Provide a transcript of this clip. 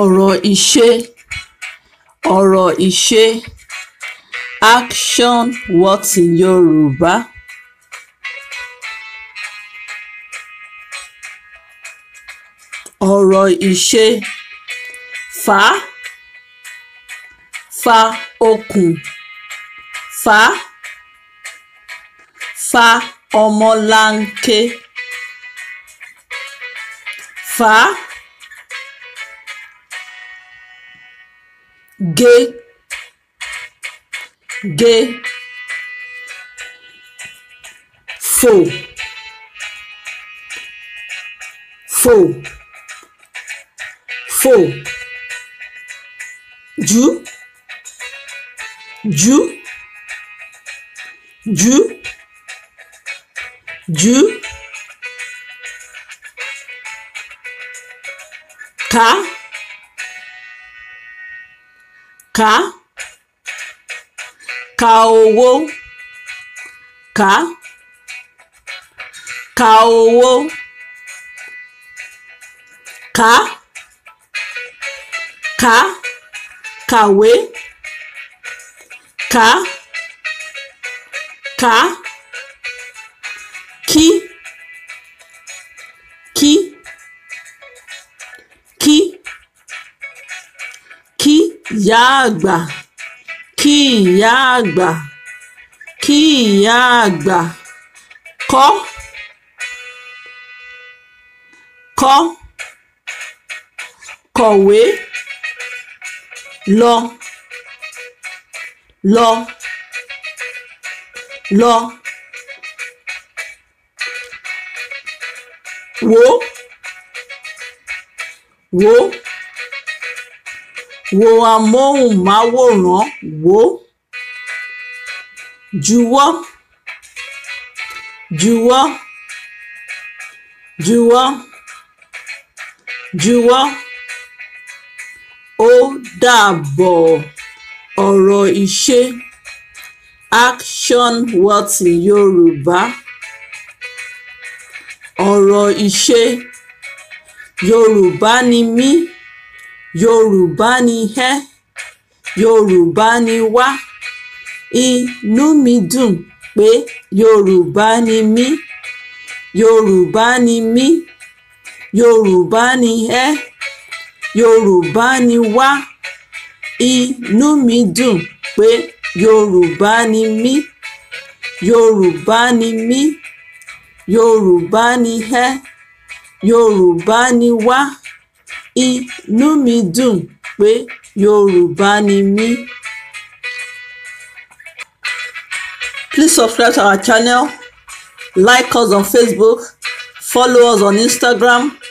ọ̀rọ̀ ìṣe ọ̀rọ̀ ìṣe action words in Yorùbá. ọ̀rọ̀ ìṣe fà á fa okùn fà á fa ọmọlanke fa. á. gé gé fò fò fò jú jú jú jú ká. ká ka owó ká ka owó ká ká kàwé ká ká. ìyá àgbà kí ìyá àgbà kí ìyá àgbà kọ́ kọ́ kọ̀wé lọ lọ lọ wò wò wo amóhùnmáwòrán wò juwọ́ juwọ́ juwọ́ juwọ́ ó dàbọ̀ ọ̀rọ̀ ìṣe action words Yorùbá ọ̀rọ̀ ìṣe Yorùbá ni mí yorùbá ni ẹ́ yorùbá ni wá inú mi dùn pé yorùbá ni mí yorùbá ni mí yorùbá ni ẹ́ yorùbá ni wá inú mi dùn pé yorùbá ni mí yorùbá ni mí yorùbá ni ẹ́ yorùbá ni wá inú mi dùn pé Yorùbá ni mí. Please subscribe to our channel, like us on Facebook, follow us on Instagram.